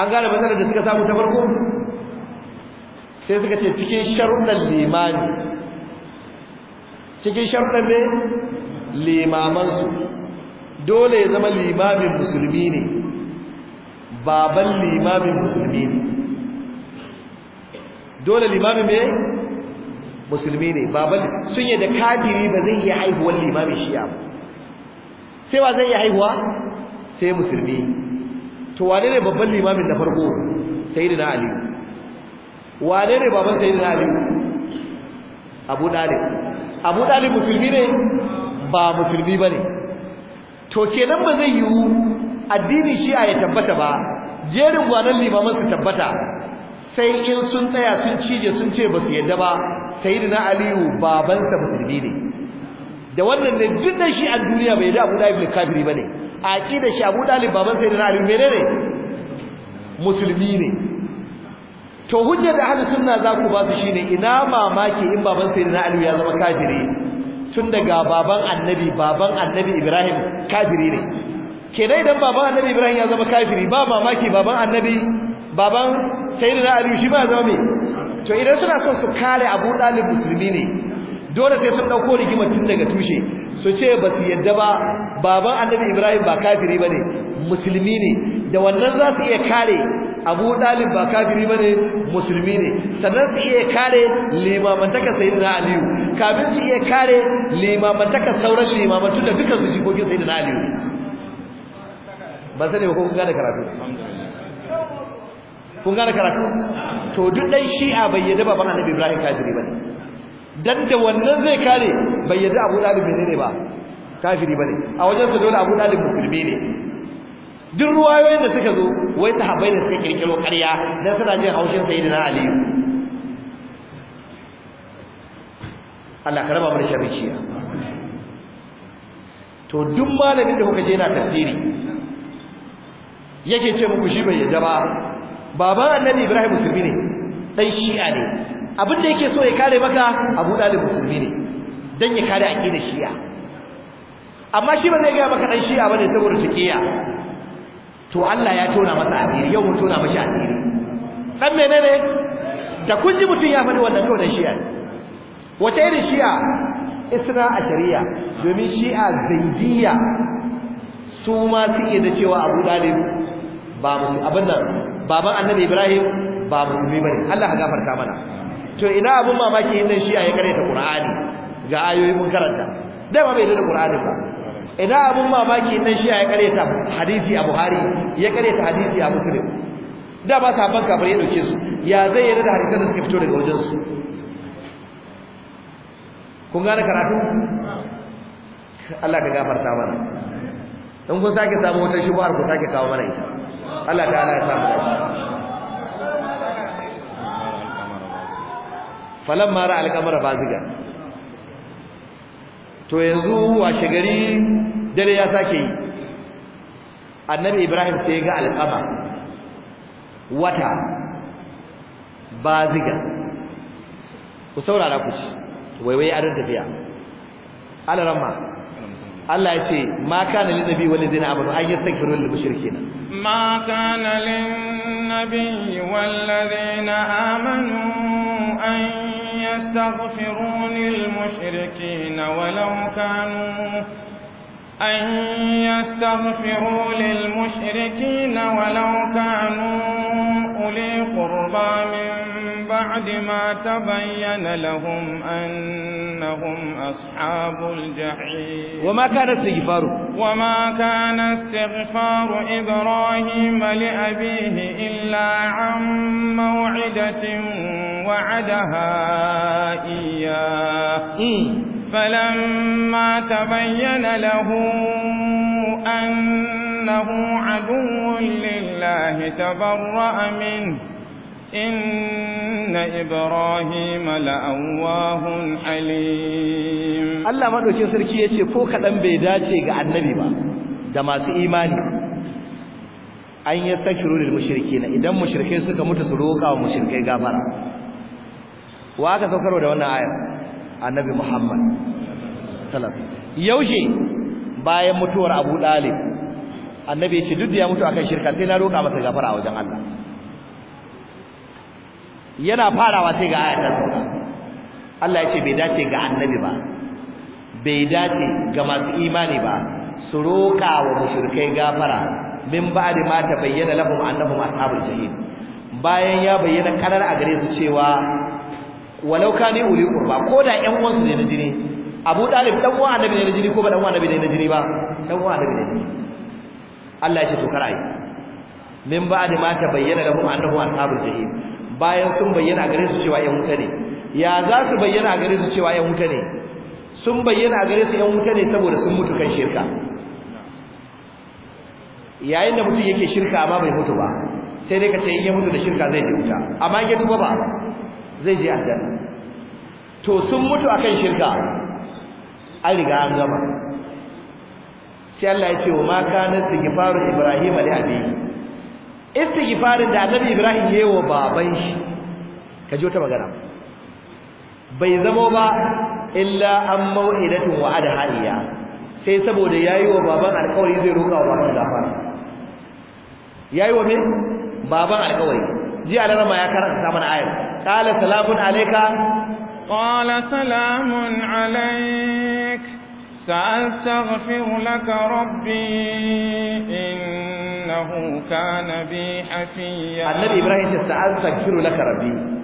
an gane matsalar da suka samu ta farko sai suka ce cikin sharuɗan limani cikin sharuɗan ne limaman su. dole ya zama limamin musulmi ne baban limamin musulmi ne dole limamin ne musulmi ne baban sun yi da kafiri ba zai iya haihuwar limamin shi'a ba sai ba zai iya haihuwa sai musulmi to wane ne babban limamin da farko sayyidina ali wane ne baban sayyidina ali abu dalib abu dalib musulmi ne ba musulmi bane to kenan ba zai yiwu addini shi'a ya tabbata ba jerin wannan limaman su tabbata sai in sun tsaya sun cije sun ce ba su yadda ba sayyidina aliyu babansa musulmi ne da wannan ne duk da shi a duniya bai da abu dalib kafiri bane a shi Abu Dalib baban Sayyidina Ali menene musulmi ne to hujjar da ahli sunna za ku ba su shine ina mamaki in baban Sayyidina Ali ya zama kafiri tun daga baban Annabi baban Annabi Ibrahim kafiri ne kenan idan baban Annabi Ibrahim ya zama kafiri ba mamaki baban Annabi baban Sayyidina Ali shi ba zama me to idan suna son su kare Abu Dalib musulmi ne dole sai sun dauko rigima tun daga tushe su ce ba su yadda ba baban annabi ibrahim ba kafiri ba ne musulmi ne da wannan za su iya kare abu dalib ba kafiri ba ne musulmi ne sannan su iya kare limamantaka na aliyu kafin su iya kare limamantaka sauran limamantu da dukkan su shigogin na aliyu ba sani ba ko kun gane karatu kun gane karatu to duk dan shi'a bai yadda baban annabi ibrahim kafiri ba ne dan da wannan zai kare bai yadda Abu Talib ne ba kafiri bane a wajen sa dole Abu Talib musulmi ne duk ruwayoyin da suka zo wai sahabbai da suka kirkiro ƙarya dan suna jin haushin sayyidina Ali Allah ka raba mu da sharriciya to duk malamin da kuka je na tafsiri yake ce muku shi bai yadda ba baban annabi Ibrahim musulmi ne dan shi'a ne abin da yake so ya kare maka Abu Dalib musulmi ne dan ya kare aqidar Shi'a amma shi ba zai ga maka dan Shi'a bane saboda taqiya to Allah ya tona masa asiri yau mun tona mashi asiri dan menene da kun ji mutun ya fadi wannan kawai dan Shi'a wata irin Shi'a isra a shari'a domin Shi'a Zaidiyya su ma suke da cewa Abu Dalib ba musu abin nan baban Annabi Ibrahim ba musulmi bane Allah ya gafarta mana to ina abun mamaki in shi a ya ta Qur'ani ga ayoyi mun karanta dai ba bai da Qur'ani ba ina abun mamaki in shi shi'a ya ta hadisi a Buhari ya ta hadisi a Muslim da ba sabon kafir ya dauke su ya zai yarda da hadisan da suka fito daga wajen su kun gane karatu Allah ka gafarta mana in kun sake samu wata shubuhar ku sake kawo mana ita Allah ta'ala ya samu lafiya falamma ra alqamara baziga to yanzu washe gari dare ya sake yi annabi ibrahim sai ga alƙama wata baziga ku saurara ku ci waiwai a tafiya alarama Allah ya ce ma kana lin nabi wal ladina amanu an yastaghfiru lil mushrikeena ma kana lin nabi wal ladina amanu an تستغفروا للمشركين ولو كانوا أن يستغفروا للمشركين ولو كانوا أولي قربى من بعد ما تبين لهم أنهم أصحاب الجحيم وما كان استغفار وما كان استغفار إبراهيم لأبيه إلا عن موعدة وعدها إياه فلما تبين له أنه عدو لله تبرأ منه إن إبراهيم لأواه حليم الله مدوكي سركي يتي فوق الأنبي بيداتي عن النبي با دماس إيماني an yi stakiru da mushirki na idan mushirkai suka mutu su roƙa wa mushirkai gafara wa aka saukarwa da wannan ayar annabi muhammad sallallahu yaushe bayan mutuwar abu dalib annabi ya ce duk da ya mutu akan shirka sai na roka masa gafara a wajen Allah yana farawa sai ga ayatan Allah ya ce bai dace ga annabi ba bai dace ga masu imani ba su roka wa mushrikai gafara min ba'di ma tabayyana lahum annahum ashabul jahim bayan ya bayyana karar a gare su cewa walau kane uli kurba ko da ƴan uwansu ne na jini Abu ɗan dan uwan Annabi ne na jini ko ba dan uwan Annabi ne na jini ba dan uwan Annabi ne na jini Allah ya ce to karai min ba'd ma tabayyana lahum annahu ashabul jahim bayan sun bayyana gare su cewa ƴan wuta ne ya za su bayyana gare su cewa ƴan wuta ne sun bayyana gare su ƴan wuta ne saboda sun mutu kan shirka yayin da mutum yake shirka amma bai mutu ba sai dai ka ce in ya mutu da shirka zai ji wuta amma ya duba ba zai je aljanna to sun mutu akan shirka an riga an gama sai Allah ya ce wa ma kana istighfaru ibrahim li Abi istighfarin da annabi ibrahim yayi wa baban shi Ka kaje ta magana bai zamo ba illa an mau'idatu wa haliya sai saboda yayi wa baban alƙawari zai roƙa wa baban gafara yayi wa me baban alƙawari ji alarma ya karanta mana ayatu قال سلام عليك قال سلام عليك سأستغفر لك ربي إنه كان بي حفيا النبي إبراهيم سأستغفر لك ربي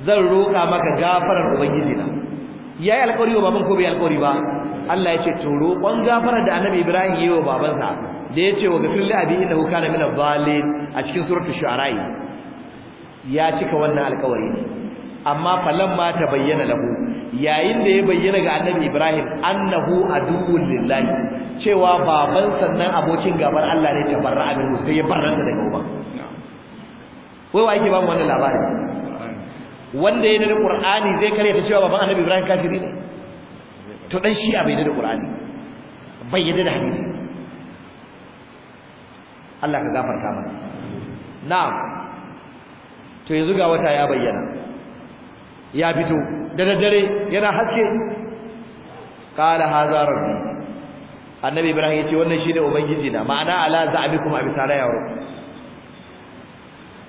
zan roƙa maka gafarar ubangijina yayi alƙawari wa baban ko bai alƙawari ba Allah ya ce to roƙon gafarar da Annabi Ibrahim yayi wa babansa da yace wa gafir li abi innahu kana min a cikin suratul shu'ara ya cika wannan alkawari amma falan ma ta bayyana lahu yayin da ya bayyana ga annabi Ibrahim annahu aduwwul lillahi cewa baban sannan abokin gabar Allah ne tabarra aminu sai ya barranta daga uba wai wa yake ba mu wannan labarin wanda yana da Qur'ani zai kare ta cewa baban annabi Ibrahim kafiri ne to dan shi a bayyana da Qur'ani bayyana da hadisi Allah ka gafarta mana na'am to yanzu ga wata ya bayyana ya fito da daddare yana haske qala haza rabbi annabi ibrahim yace wannan shine ubangiji na ma'ana ala za'abikum abi sara ya rabb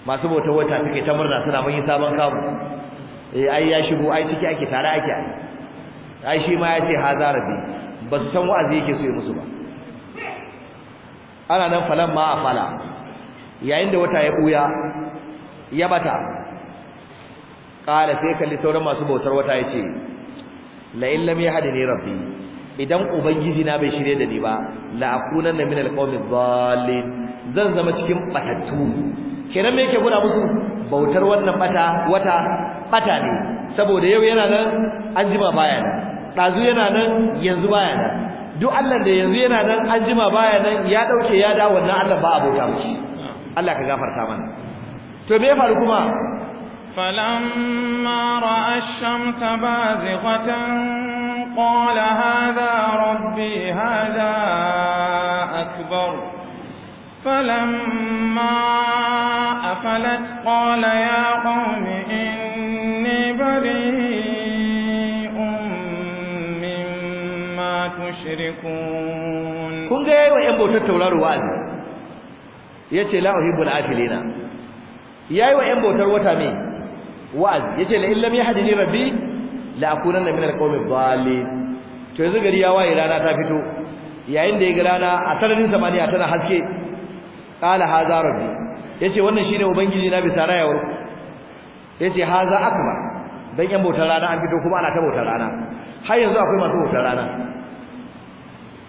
masu bautar wata suke ta murna suna mun yi sabon kamu eh ai ya shigo ai ciki ake tare ake ai shi ma yace haza rabbi ba su san wa'azi yake so ya musu ba ana nan falan ma afala yayin da wata ya buya ya bata qala sai kalli sauran masu bautar wata yace la illam yahdini rabbi idan ubangiji na bai shirye da ni ba la akunanna minal qawmi dhalin zan zama cikin batattu kenan me yake gura musu bautar wannan bata wata bata ne saboda yau yana nan an jima baya nan dazu yana nan yanzu baya nan duk Allah da yanzu yana nan an jima baya nan ya dauke ya dawo wannan Allah ba abota mishi Allah ka gafarta mana to me ya faru kuma falamma ra'a ash-shamsa bazighatan qala hadha rabbi hadha akbar falamma afalat qala ya qawmi inni bari'un mimma tushrikun kun ga yayin bautar tauraro wa'azi yace la uhibbul afilina yayi wa 'yan bautar wata ne wa'az yace la illam yahdini rabbi la akunanna min alqawmi dhalin to yanzu gari ya waye rana ta fito yayin da ya ga rana a sararin samaniya tana haske qala hadha rabbi yace wannan shine ubangiji na bisa wuri yace hadha akbar dan yan bautar rana an fito kuma ana ta bautar rana har yanzu akwai masu bautar rana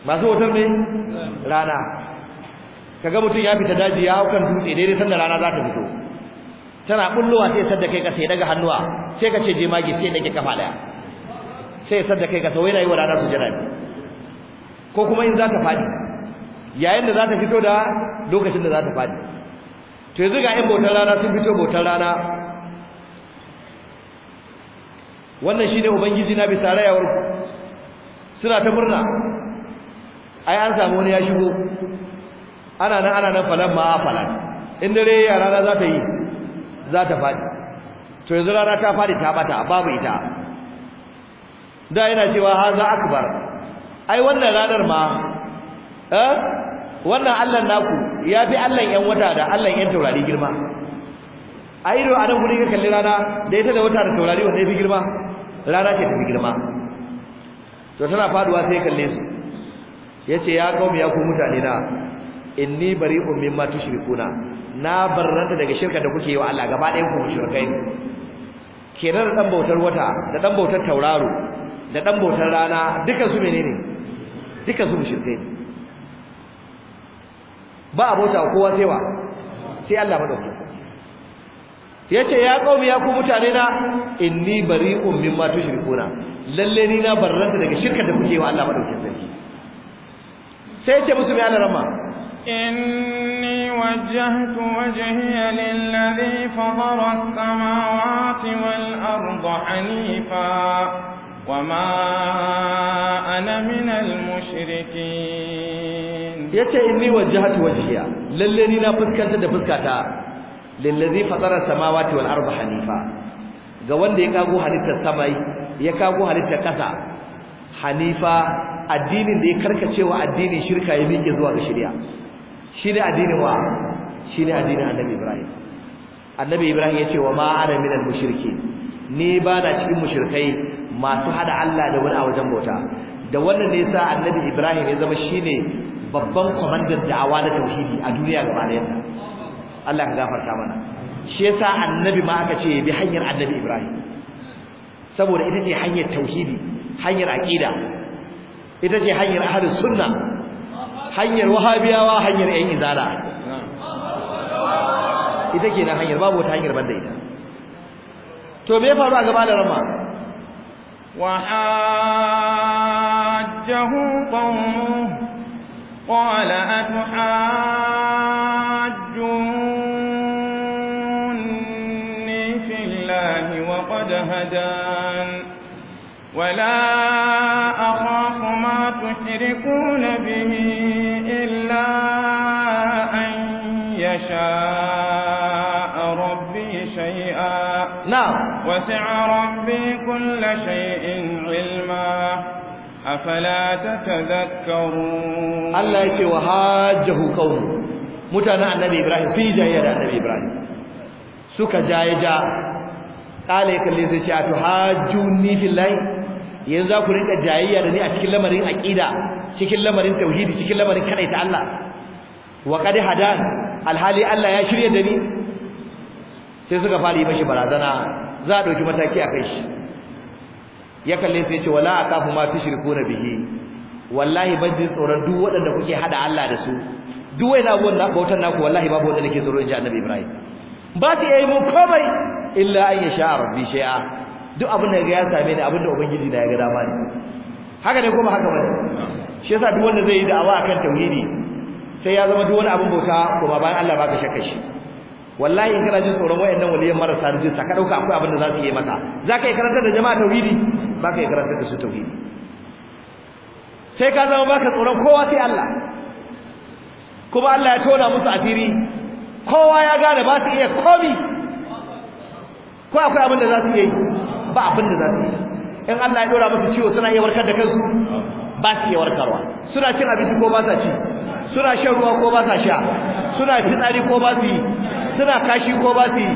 masu bautar ne rana kaga mutum ya fita daji ya hukan dutse daidai sanda rana za ta fito tana bullowa sai sadda kai ka sai daga hannuwa sai ka ce je sai dake kafa daya sai sadda kai ka kasa wai rayuwar rana su jira ko kuma in za ta fadi yayin da za ta fito da lokacin da za ta fadi to yanzu ga yan botar rana sun fito botar rana wannan shine ubangiji na bisa rayawar suna ta murna ai an samu wani ya shigo ana nan ana nan falan ma falan in dare yara na za ta yi za ta fadi to yanzu rana ta fadi ta bata babu ita da yana cewa haza akbar ai wannan ranar ma eh wannan Allah naku ya fi Allah yan wata da Allah yan taurari girma ai do anan gurin ka kalli rana da ita da wata da taurari wanda yafi girma rana ce fi girma to tana faduwa sai kalle su yace ya kawo ya ku mutane na inni bari'un mimma tushrikuna na barranta daga shirka da kuke yi wa Allah gaba ɗayan ku mushrikai ne kenan dan bautar wata da dan bautar tauraro da dan bautar rana dukan su menene dukan su mushrikai ne ba abota kowa sai wa sai Allah madauki yace ya kaumi ya ku mutane na inni bari'un mimma tushrikuna lalle ni na barranta daga shirka da kuke wa Allah madauki sarki sai ce musu mai alarama إني وجهت وجهي للذي فطر السماوات والأرض حنيفا وما أنا من المشركين يتي إني وجهت وجهي للذي لا فسكت دفسكتا للذي فطر السماوات والأرض حنيفا ga wanda ya kago halittar samai ya kago halittar kasa hanifa addinin da ya karkacewa addinin shirka ya miƙe zuwa ga shari'a shi ne addinin wa shi ne addinin annabi ibrahim annabi ibrahim ya ce wa ma ana minal mushriki ni ba na cikin mushrikai masu hada Allah da wani a wajen bauta da wannan ne yasa annabi ibrahim ya zama shine babban kwamandan da'awa na tauhidi a duniya gaba da yadda Allah ka gafarta mana shi yasa annabi ma aka ce bi hanyar annabi ibrahim saboda ita ce hanyar tauhidi hanyar aqida ita ce hanyar ahlus sunna hanyar wahabiyawa hanyar ƴan izala ita ke na hanyar babu wata hanyar banda ita to me ya faru a gaba da rama wa hajjahu qawmuhu qala atuhajjunni fillahi wa qad ولا أخاف ما تشركون به يشاء ربي شيئا نعم وسع ربي كل شيء علما أفلا تتذكرون الله يكي وهاجه قومه متنا النبي إبراهيم في جاية النبي إبراهيم سك جايجا قال يكلي زي شاتو هاجوني في الله yanzu za ku rinka jayayya da ni a cikin lamarin aqida cikin lamarin tauhidi cikin lamarin kadaita Allah wa qad hadan alhali Allah ya shirye da ni sai suka fara yi mashi barazana za a dauki mataki a kai shi ya kalle sai ya ce wala akafu ma tushrikuna bihi wallahi ban ji tsoron duk waɗanda kuke hada Allah da su duk wai na gwan bautar naku wallahi babu wanda nake tsoron ji Annabi Ibrahim ba su yi mu komai illa an yasha rabbi shay'a duk abin da ya same ni abin da ubangiji da ya ga dama ne haka ne kuma haka bane shi yasa duk wanda zai yi da'awa akan tauhidi sai ya zama duk wani abin bauta kuma bayan Allah baka shakka shi wallahi in kana jin tsoron wayannan waliyan marasa rijista ka dauka akwai abin da za su yi maka ka yi karantar da jama'a tauhidi baka yi karantar da su tauhidi sai ka zama baka tsoron kowa sai Allah kuma Allah ya tona musu asiri kowa ya gane ba su iya komi ko akwai abin da za su yi ba abin da za su yi in Allah ya dora musu ciwo suna iya warkar da kansu ba su iya warkarwa suna cin abinci ko ba sa ci suna shan ruwa ko ba sa sha suna fitsari ko ba su yi suna kashi ko ba su yi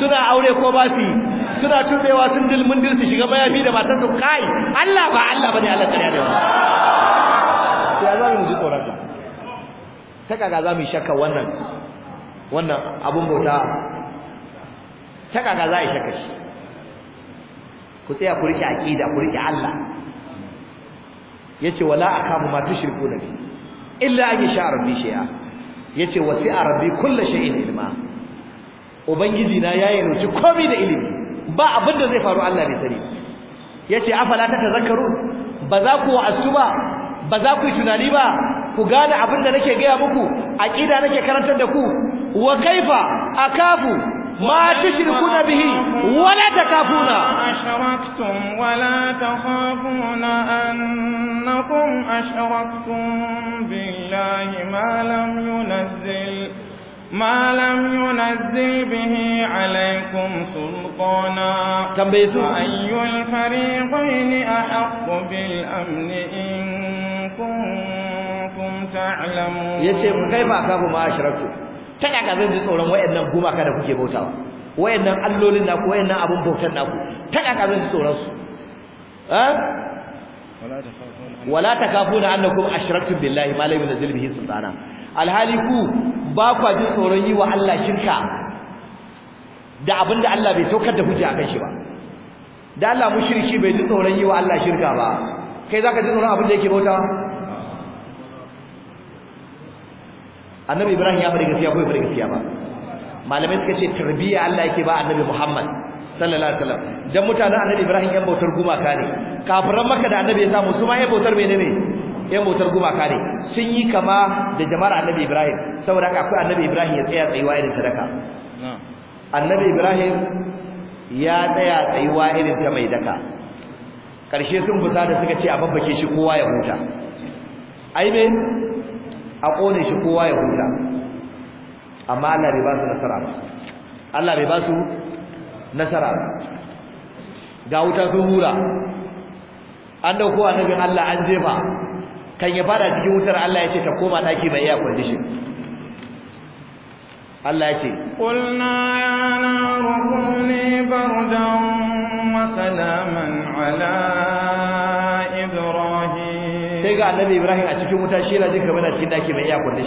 suna aure ko ba su yi suna tubewa sun dilmun dil su shiga mayafi da matan su kai Allah ba Allah bane Allah kariya da wani ya za mu ji tsoron ka ta kaga za mu shakka wannan wannan abun bauta ta kaga za a yi shakka shi ku tsaya ku rike aqida ku rike Allah yace wala akamu ma tushriku ni. illa an yasha rabbi shay'a yace wasi'a rabbi kulle shay'in ilma ubangiji na yayi ruci komai da ilimi ba abin da zai faru Allah bai sani yace afala ta zakaru, ba za ku wa'azu ba ba za ku yi tunani ba ku gane abin da nake gaya muku A aqida nake karantar da ku wa kaifa akafu ما تشركون به ولا تكافون أشركتم ولا تخافون أنكم أشركتم بالله ما لم ينزل ما لم ينزل به عليكم سلطانا وأي الفريقين أحق بالأمن إن كنتم تعلمون يسير كيف أكافوا ما أشركتم ta kaka zan ji tsoron wayannan gumaka da kuke bautawa wayannan allolin naku wayannan abun bautar naku ta kaka zan ji tsoron su wala takafuna annakum ashraktu billahi ma lam yunzil bihi sultana alhaliku ba kwa ji tsoron yi wa Allah shirka da abinda Allah bai saukar da hujja akan shi ba da Allah mushriki bai ji tsoron yi wa Allah shirka ba kai zaka ji tsoron abinda yake bautawa annabi ibrahim ya fara gaskiya ko ya fara gaskiya ba malamai suka ce tarbiyya Allah yake ba annabi muhammad sallallahu alaihi wasallam dan mutanen annabi ibrahim yan bautar gumaka ne kafiran makka da annabi ya samu su ma yan bautar menene yan bautar gumaka ne sun yi kama da jama'ar annabi ibrahim saboda haka akwai annabi ibrahim ya tsaya tsayuwa irin sadaka annabi ibrahim ya tsaya tsayuwa irin ta mai daka karshe sun fusa da suka ce a babbake shi kowa ya huta ai me a kone shi kowa ya huta amma Allah bai ba su nasara ba Allah bai ba su nasara ba ga wuta sun hura an dauko annabin Allah an jefa kan ya fara cikin wutar Allah ya ce ta koma daki mai iya condition Allah ya ce qulna ya naru kuni bardan wa salaman ala ga annabi ibrahim a cikin wuta shi yana jin kamar cikin daki mai iya kunna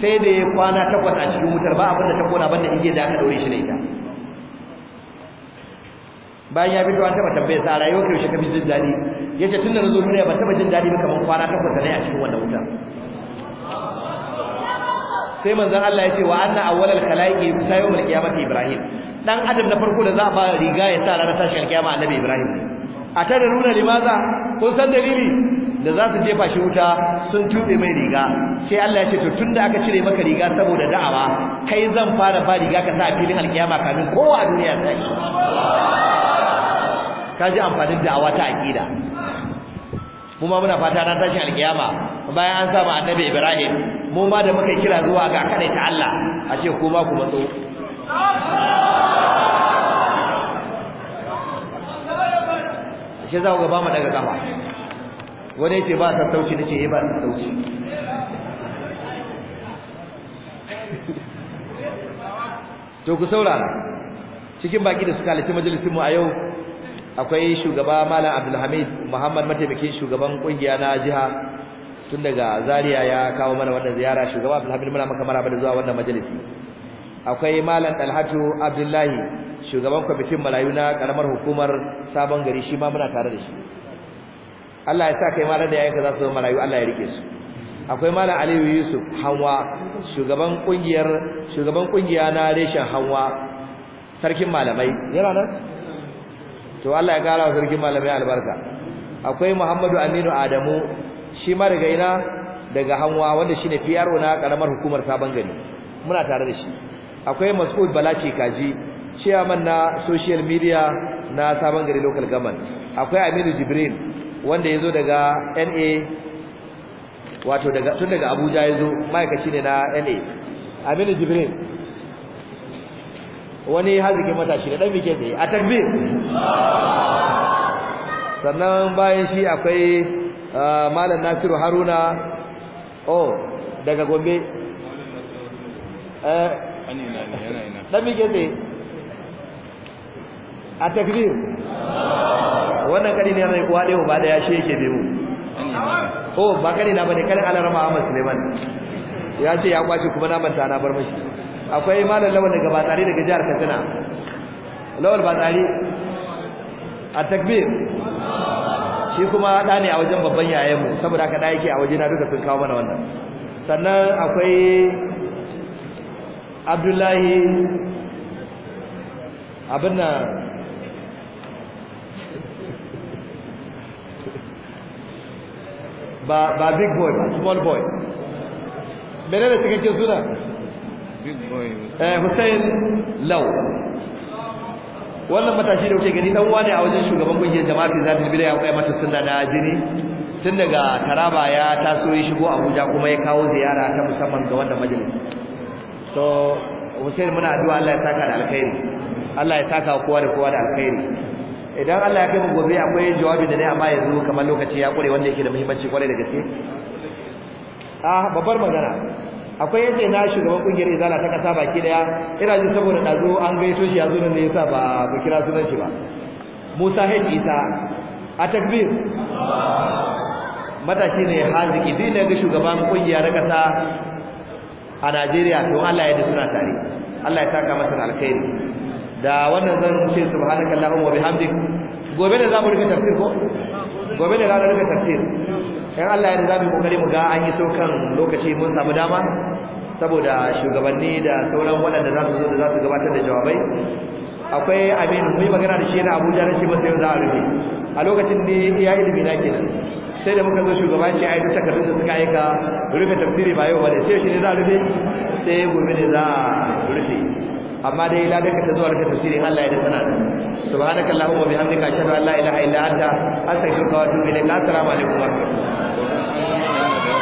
sai da ya kwana takwas a cikin wutar ba abin da ta kona banda inje da aka daure shi da ita bayan ya fito an taba tambaye sa rayuwar kai shaka bijin dadi yace tun nazo duniya ba taba jin dadi ba kamar kwana takwas ne a cikin wannan wuta sai manzon Allah yace wa anna awwalal khalaiqi yusayyimu qiyamati ibrahim dan adam na farko da za a ba riga ya sa ranar tashin alkiyama annabi ibrahim a tare nuna limaza kun san dalili da za su jefa shi wuta sun tube mai riga sai Allah ya ce to tunda aka cire maka riga saboda da'awa kai zan fara ba riga ka sa a filin alkiyama kafin kowa a duniya sai ka ji amfanin da'awa ta akida mu ma muna fata na tashin alkiyama bayan an saba annabi Ibrahim mu ma da muka kira zuwa ga ta Allah a ce ko ba ku matso ke za ku ga daga kafa wani yake ba sassauci nace eh ba sassauci [LAUGHS] to ku saura cikin baki da suka halarci majalisinmu a yau akwai shugaba Malam Abdulhamid Muhammad mataimakin shugaban kungiya na jiha tun daga Zaria ya kawo mana wannan ziyara shugaba Abdulhamid muna maka maraba da zuwa wannan majalisi akwai Malam Dalhatu Abdullahi shugaban kwamitin malayu na karamar hukumar Sabon Gari shi ma muna tare da shi Allah ya sa kai ma da yayin ka za su zama marayu Allah ya rike su akwai malam Aliyu Yusuf Hanwa shugaban kungiyar shugaban kungiya na reshen Hanwa sarkin malamai yana nan to Allah ya kara wa sarkin malamai albarka akwai Muhammadu Aminu Adamu shi ma daga ina daga Hanwa wanda shine PRO na karamar hukumar Sabon Gari muna tare da shi akwai Mas'ud Balaci Kaji chairman na social media na Sabon Gari local government akwai Aminu Jibril wanda ya zo daga NA wato daga tun daga Abuja ya zo ma'aikaci ne na NA Aminu Jibril wani hazikin matashi da dan mike tsaye a takbir sannan bayan shi akwai ah, Malam Nasiru Haruna oh daga Gombe eh dan mike tsaye a takbir wannan kari ne mai kuwa ɗaya ba ɗaya shi yake biyu ko oh, ba kari na bane karin alarma Ahmad Suleiman ya ce ya kwace kuma na manta na bar mashi akwai malam lawal daga batsari daga jihar Katsina lawal batsari a takbir shi kuma da ne a wajen babban mu saboda haka da yake a waje na duka sun kawo mana wannan sannan akwai Abdullahi abin nan ba ba big boy ba small boy menene cikakken suna big boy eh Hussein Law wannan matashi da kuke gani dan wani a wajen shugaban kungiyar fi zati bid'a ya kai mata sunna da jini tun daga Taraba ya taso ya shigo Abuja kuma ya kawo ziyara ta musamman ga wannan majalis so Hussein muna addu'a Allah ya saka da alkhairi Allah ya saka kowa da kowa da alkhairi idan Allah ya kai mu gobe akwai jawabi da dai amma yanzu kamar lokaci ya kure wanda yake da muhimmanci kware da gaske ah babbar magana akwai yace na shugaban kungiyar izala ta kasa baki daya ina ji saboda dazo an gaiso shi yazo nan ne yasa ba ba kira sunan shi ba Musa Hajj Isa a takbir matashi ne haziki din ga shugaban kungiya na kasa a Najeriya to Allah ya da suna tare Allah ya saka masa alkhairi da wannan zan ce subhanakallahumma wa bihamdik gobe ne za mu rika tafsir ko gobe ne za mu rika tafsir in Allah ya zabi kokari mu ga an yi so kan lokaci mun samu dama saboda shugabanni da sauran wadanda za su zo da za su gabatar da jawabai akwai amin mu yi magana da shi na Abuja ne shi ba sai za a rufe a lokacin da ya ilimi na kenan sai da muka zo shugaba ce ai duk takardun da suka aika rufe tafsiri ba yau ba sai shi ne za a rufe sai gobe ne za a rufe amma dai la daka ta zuwa daga tafsirin Allah ya da sana subhanakallahu wa bihamdika ashhadu an la ilaha illa anta astaghfiruka wa atubu ilayk assalamu alaikum wa rahmatullahi wa barakatuh